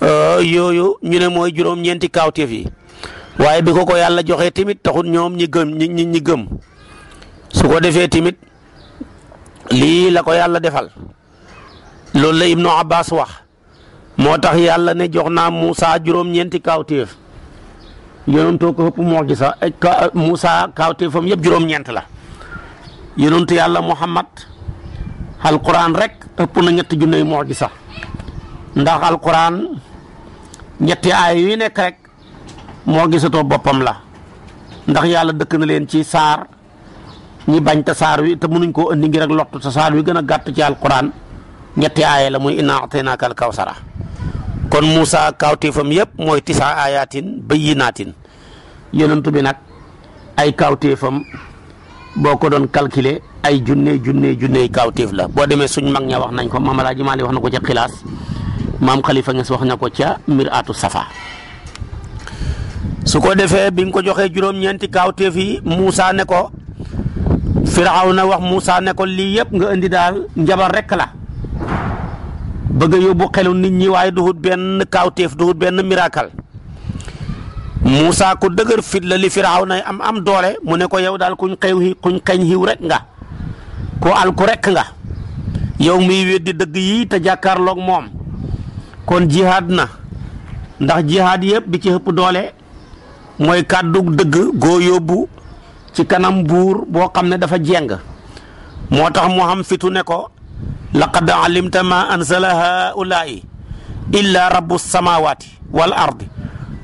euh, yooyu ñu ne mooy juróom-ñeenti kaawteef yi waaye bi ko ko yàlla joxee tamit taxul ñoom ñi gëm ñi ñi gëm su ko defee tamit lii la ko yàlla defal loolu la Ibnu Abbas wax moo tax yàlla ne jox naa Moussa juróom-ñeenti kaawteef yonentoo ko ëpp moo gisa eh, Moussa kaawteefam yëpp juróom-ñeent la yonentu yàlla Muhammad alquran rek ëpp na ñetti junne yu mucjisa ndax alquran ñetti aay yu nekk rek moo gisatoo boppam la ndax yàlla dëkk na leen ci saar ñi bañ te saar wi te mënuñ koo andi ngir ak lottu te saar wi gën a gàtt ci alquran ñetti aaya la muy inna ataynaaka al kawsara kon Moussa kawteefam yëpp mooy tisa ayatin bayyinatin yonentu bi nag ay kawteefam boo ko doon calculer ay junne junne junne kaawteef la boo demee suñ mag ña wax nañ ko maam Alaaji Maali wax na ko ca xilaas maam Khalifa Nges wax na ko ca miraatu safa su ko defee bi nga ko joxee juróom-ñeenti kaawteef yi Moussa ne ko na wax Moussa ne ko lii yëpp nga indi daal njabar rek la bëgg a yóbbu xelu nit ñi waaye duhut benn kaawteef duhut benn miracle Musa ku deugar fit la li na am am doole mu ne ko yow dal kuñ xew kuñ rek nga ku rek nga yow mi weddi deug yi jakar jàkkaarloog mom kon jihad na ndax jihad yeb bi ci hepp doole moy kaddu deug go yobbu ci kanam bur bo xamne dafa jeng motax mu xam fitu ne ko laqad alimta ma anzala illa rabu samawati wal ardi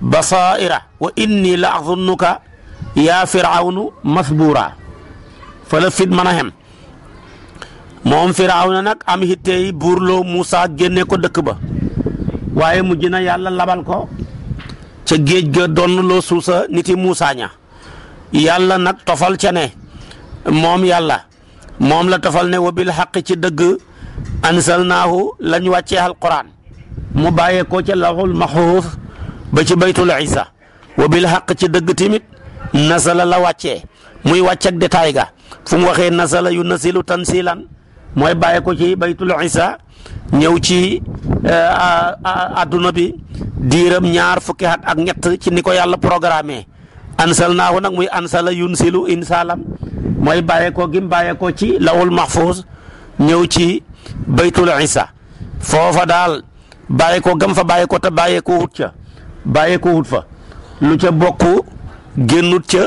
basaira wa inni la azunnuka yaa firawnu masbuura fa la fit mën moom firawna nag am xittey buurloo Moussa génne ko dëkk ba waaye mujj na yàlla labal ko ca géej ga donn loo suusa niti Moussa ña yàlla nag tofal ca ne moom yàlla moom la tofal ne wa bil xaq ci dëgg ansalnaahu lañ wàccee alquran mu bàyyee ko ca lawhul mahfuus ba ci baytul isa wa bil xaq ci dëgg tamit nasala la wàccee muy wàcc ak ga fu mu waxee nasala yu nasilu tansilan mooy bàyyi ko ci baytul isa ñëw ci eh, adduna bi diiram ñaar fukki at ak ñett ci ni ko yàlla programme ansal naahu nag muy ansala yun silu insalam mooy bàyyee ko gim bàyyee ko ci lawul mahfuz ñëw ci baytul isa foofa daal bàyyee ko gam fa bàyyee ko te bàyyee ko wut ca bàyyee ko wut fa lu ca bokk génnut ca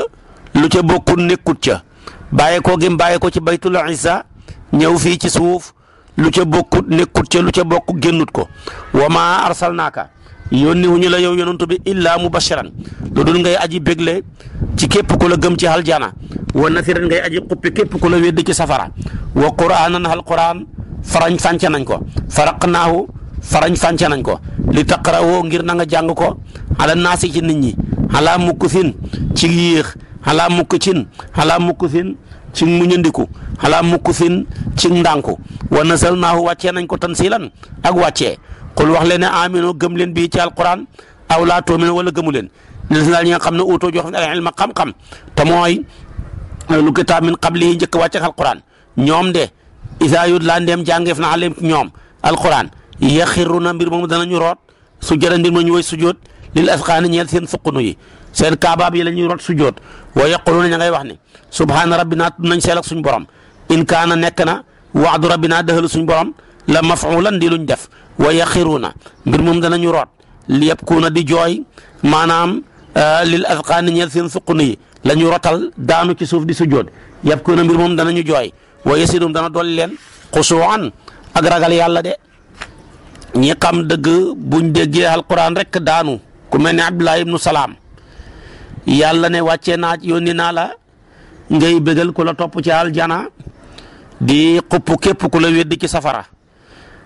lu ca bokkut nekkut ca bàyyi ko gim bàyyi ko ci baytul isa ñëw fii ci suuf lu ca bokkut nekkut ca lu ca bokk génnut ko wa ma arsalnaaka yónni wu ñu la yow yonantu bi illaa mubashiran lu dul ngay aji bégle ci képp ku la gëm ci aljana wa nasiran ngay aji xuppi képp ku la wedd ci safara wa quraanan al quraan farañ fànce nañ ko faraqnaahu farañ sànce nañ ko li taqrawoo ngir nanga nga jàng ko ala naasi ci nit ñi ala mukk sin ci yéex ala mukk cin ala mukk sin ci muñandiku ala mukk sin ci ndànku wa nasal naahu wàccee nañ ko tansilan ak wàccee qul wax leen ne amino gëm leen bii ci alquran aw laa tuumin wala gëmu leen li des ñi nga xam ne uutoo jox ne al ilma xam-xam lu kitaab min qabli yi njëkk wàcce alquran ñoom de isaa yut laa ndeem jàngeef na alim ñoom alquran yaxiruna mbir moom dana root su jëlee mbir ma ñu woy sujjoot lil asqaani ñeel seen suqunu yi seen kaabaab yi la ñuy root sujjoot wa yaquluna ña ngay wax ne subhaana rabbina nañ seel ak suñ borom in kaana nekk na waxdu rabbina dëxalu suñ borom la mafulan di luñ def wa yaxiruna mbir moom dana ñu root li yabkuuna di jooy maanaam euh, lil asqaani ñeel seen suqunu yi la ñu rotal daanu ci suuf di sujjoot yabkuuna mbir moom danañu jooy wa yasidum dana dolli leen xusuwan ak ragal yàlla de. ñi xam dëgg buñ déggee alquran rek daanu ku mel ne ibnu Salaam yàlla ne wàccee naaj yónni naa la ngay bégal ku la topp ci aljana di xupp képp ku la weddi ci safara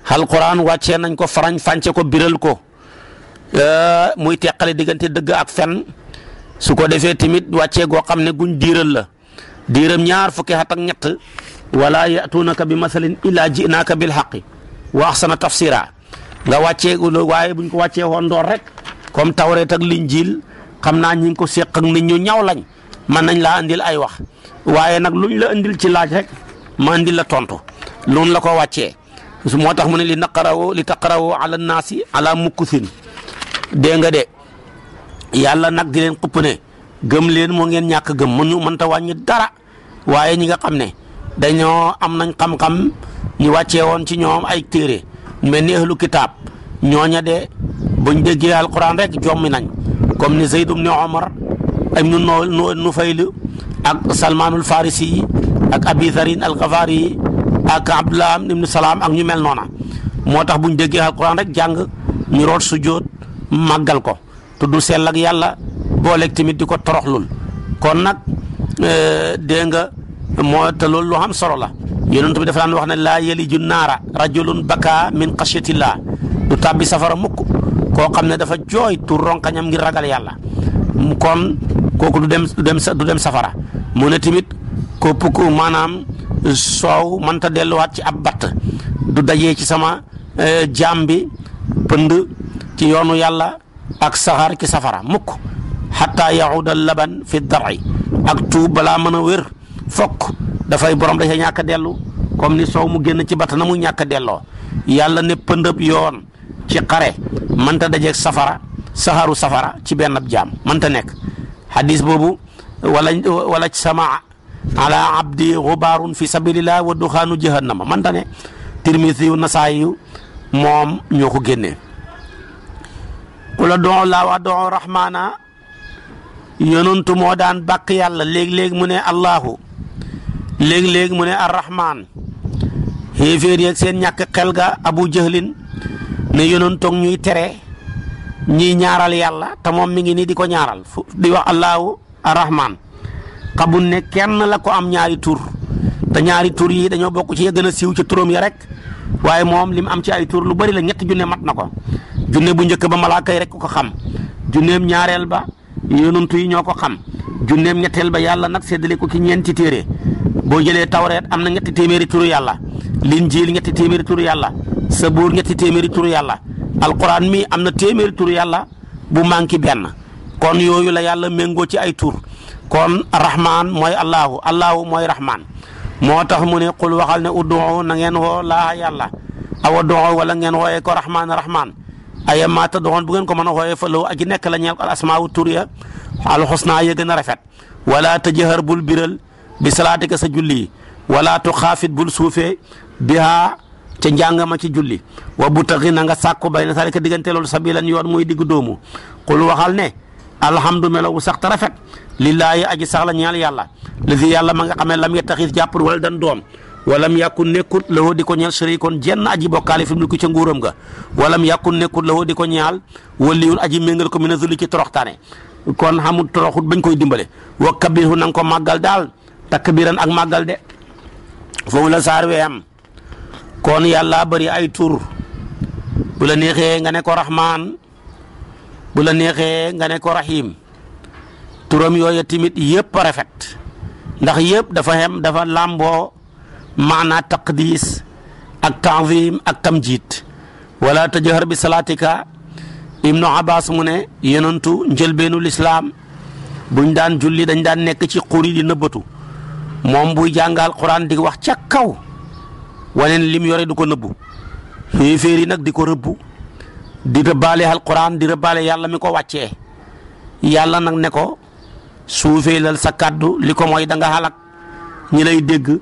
alquran wàccee nañ ko farañ fànce ko biral ko euh, muy teqale diggante dëgg ak fen su ko defee tamit wàccee goo xam ne guñ diiral la diiram ñaar fukki at ak ñett wala yatuunaka bi masalin illaa jinaaka bil xaqi wa axsana tafsira nga wàccee waaye buñ ko wàccee woon ndoor rek comme tawreet ak linjiil xam naa ñi ko séq ak nit ñu ñaw lañ mën nañ laa andil ay wax waaye nag luñ la andil ci laaj rek ma andil la tontu loolu la ko wàccee moo tax mu ne li naqarawo li taqarawo ala naasi ala mukkusin dégg nga de yàlla nag di leen ne gëm leen moo ngeen ñàkk gëm mu ñu mënta wàññi dara waaye ñi nga xam ne dañoo am nañ xam-xam ñu wàccee woon ci ñoom ay téere mel ni ahlu kitaab ñooña de buñ déggee alquran rek jommi nañ comme ni Zayd ibn Omar ibnu Nufayl ak Salmaanul Farisi yi ak Abi Tharin al Ghafari ak Abdullah ibnu Salaam ak ñu mel noona moo tax bu ñu déggee alquran rek jàng ñu root sujjóot màggal ko tudd sell ak yàlla booleeg tamit di ko toroxlul kon nag euh, dégg nga moo te loolu lu am solo la. yonentu bi dafa daan wax ne laa yaliju naara rajulun baka min xasyatillah du tàbbi safara mukk koo xam ne dafa jooy tu ronkañam ngir ragal yàlla kon kooku du dem du dem du dem safara mu ne tamit képp ku maanaam soow mënta delluwaat ci ab du dajee ci sama eh, jaam bi pënd ci yoonu yàlla ak sahar ci safara mukk xataa yaxuda laban fi dari ak tuub balaa mën a wér dafay borom da ca ñàkk dellu kom ni soow mu génn ci bata na mu ñàkk a delloo yàlla ne yoon ci kare mënta dajeeg safara saxaru safara ci benn ab jaam mënta nekk hadis boobu wala wala sama ala abdi xubaarun fi sabilillah wa duxaanu jahannama mënta ne tirmisi yu nasaay moom ñoo ko génnee kula doo laa doo rahmaana yonantu moo daan bakk yàlla léeg-léeg mu ne allahu léegi léeg mu ne arrahman xéeféer seen ñàkk xel ga abu jahlin ne yonoon toog ñuy tere ñiy ñaaral yàlla te moom mi ngi nii di ko ñaaral fu di wax allahu arrahman xabun ne kenn la ko am ñaari tur te ñaari tur yi dañoo bokk ci ya gën a siiw ci turam ya rek waaye moom li am ci ay tur lu bari la ñetti junne mat na ko junne bu njëkk ba malaaka yi rek ko xam junneem ñaareel ba yonantu yi ñoo ko xam junneem ñetteel ba yàlla nag séddale ko ki ñeenti téere boo jëlee tawreet am na ñetti téeméeri turu yàlla linjiil ñetti téeméeri turu yàlla sabuur ñetti téeméeri turu yàlla alquran mi am na téeméeri turu yàlla bu manqué benn kon yooyu la yàlla méngoo ci ay tur kon rahman mooy allahu allahu mooy rahman moo tax mu ne qul waxal ne uddoo na ngeen woo laa yàlla awa doo wala ngeen wooyee ko rahman rahman ay maata doxoon bu ngeen ko mën a wooyee fa law aji nekk la ñeel ko al asmaawu tur ya al xusnaa ya gën a rafet bi salaatika sa julli wala to xaafit bul suufee bihaa ca njàngama ci julli wa bu taxi nanga nga bay na saalika diggante loolu sabilan yoon mooy diggu doomu xul waxal ne alhamdu melo wu sax ta rafet lillaahi aji sax la ñeel yàlla lazi yàlla ma nga xamee lam yettaxis jàppul wala dan doom walam yàkkun nekkut la di ko ñeel sharikon jenn aji bokkaale fi mu ko ca nguuram nga walam yàkkun nekkut la di ko ñaal waliyun aji méngal ko mi na zulli ci toroxtaane kon xamul toroxut bañ koy dimbale wa na màggal daal takbiran ak màggal de foofu la saar wee am kon yàlla bari ay tur bula neexee nga ne ko rahmaan bula neexee nga ne ko rahim turam yooyu tamit yëpp rafet ndax yépp dafa xem dafa làmboo maanaa taqdis ak tanzim ak tamjid wala tajhar bi salaatika ibnu abbas mu ne yonantu njëlbeenu lislaam buñ daan julli dañ daan nekk ci xur yi di nëbbatu moom buy jàngal Alquran di wax ca kaw waneen lim yore du ko nëbbu féeféer yi nag di ko rëbbu di rëbbaale Alquran di rëbbaale yàlla mi ko wàccee yàlla nag ne ko suufee lal sa kàddu li ko moy da nga ñi lay dégg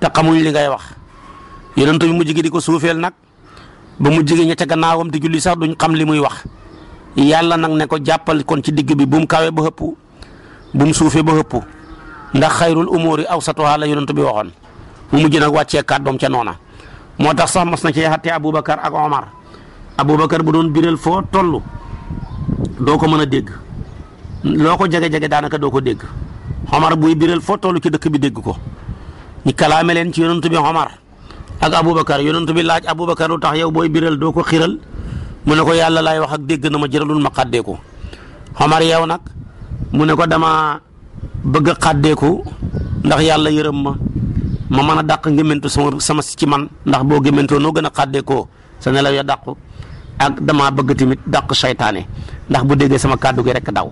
te xamuñ li ngay wax yonent bi mujj gi di ko suufeel nag ba mu gi ña ca gannaawam di julli sax duñ xam li muy wax yàlla nag ne ko jàppal kon ci digg bi bu mu ba xëpp bu mu suufee ba xëpp ndax xayrul umuri awsatuha la yonent bi waxoon mu mujj nag wàccee kàddoom ca noona moo tax sax mas na cee xattee Aboubacar ak Omar Aboubacar bu doon biral foo toll doo ko mën a dégg loo ko jege jege daanaka doo ko dégg Omar buy biral foo tollu ci dëkk bi dégg ko ñu kalaame leen ci yonent bi Omar ak Aboubacar yonent bi laaj Aboubacar lu tax yow booy biral doo ko xiral mu ne ko yàlla laay wax ak dégg na ma jëralul ma xàddee ko Omar yow bëgg a xàddeeku ndax yàlla yërëm ma ma mën a dàq ngémmentu sama sama ci man ndax boo gémmantoo noo gën a xàddeekoo sa nelaw ya daqu ak damaa bëgg tamit dàq saytaane ndax bu déggee sama kàddu gi rek daw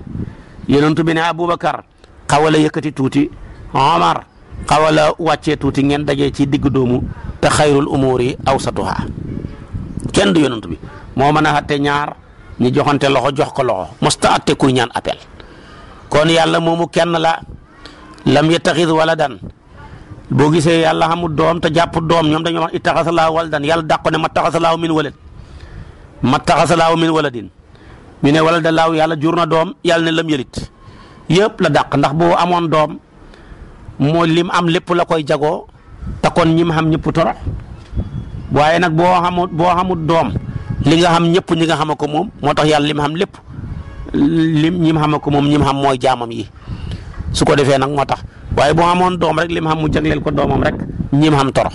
yonentu bi ne Aboubacar xaw la yëkkati tuuti Omar xaw a wàccee tuuti ngeen dajee ci digg doomu te xayrul sa awsatuha kenn du yonentu bi moo mën a àtte ñaar ñi joxante loxo jox ko loxo mosta àtte kuy ñaan appel. kon yàlla moomu kenn la lam yattaxid waladan boo gisee yàlla xamul doom te jàpp doom ñoom dañoo wax ittaxasalaahu waladan yàlla dàq ko ne ma taxasalaahu min walad ma taxasalaahu min waladin ñu ne walada laaw yàlla jur na doom yàlla ne lam yëlit yëpp la dàq ndax boo amoon doom mooy lim am lépp la koy jagoo te kon ñi mu xam ñëpp torox waaye nag boo xamut boo xamut doom li nga xam ñëpp ñi nga xam ko moom moo tax yàlla lim xam lépp lim ñi mu xam ko moom ñi mu xam mooy jaamam yi su ko defee nag moo tax waaye bu amoon doom rek li mu xam mu jagleel ko doomam rek ñi mu toro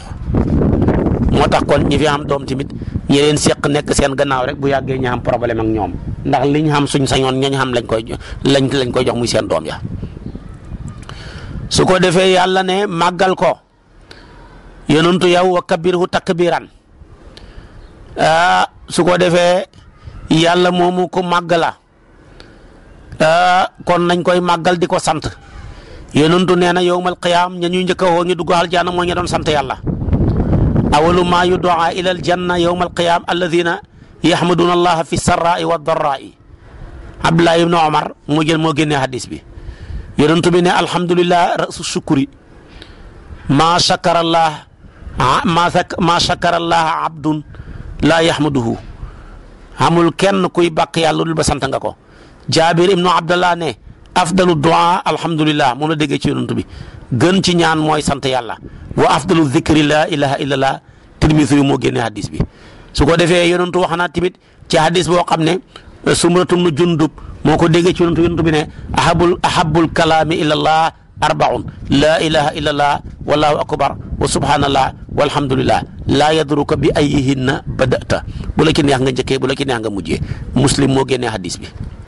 moo tax kon ñi fi am doom tamit ñi leen seq nekk seen gannaaw rek bu yàggee ñu am problème ak ñoom ndax liñ xam suñ sañoon ñañ xam lañ koy lañ lañ koy jox muy seen doom ya su ko defee yàlla ne màggal ko yonentu yow wa kabirhu takbiran ah, su ko defee yàlla moomu ko màgg la kon nañ koy màggal di ko sant yonentu nee na yowmal qiyaam ña ñuy njëkk a woo ñu dugg aljanna ña doon sant yàlla awalu ma yu ila aljanna yowmal qiyaam alladina yaxmaduuna allaha fi sarraai wa darraai abdullahi ibnu omar moo jël moo génnee hadis bi yonentu bi ne alhamdulillah rasu sukuri maa chakara allah abdun laa yaxmaduhu amul kenn kuy bàkk yàlla dul ba sant nga ko jaabir ibnu abdallah ne afdalu du'a alhamdulillah moom la déggee ci yonent bi gën ci ñaan mooy sant yàlla wa afdalu zikri la ilaha illallah tirmisi yu moo génne hadis bi su ko defee yonentu wax naa tamit ci hadis boo xam ne sumratum nu jundub moo ko déggee ci yonentu yonentu bi ne ahabul ahabul kalaami ilallah arbaun laa ilaha illallah wallahu akbar wa subhanallah walhamdulillah laa yadruka bi ayihinna badata bu la ki neex nga njëkkee bu la ki neex nga mujjee muslim moo génnee hadis bi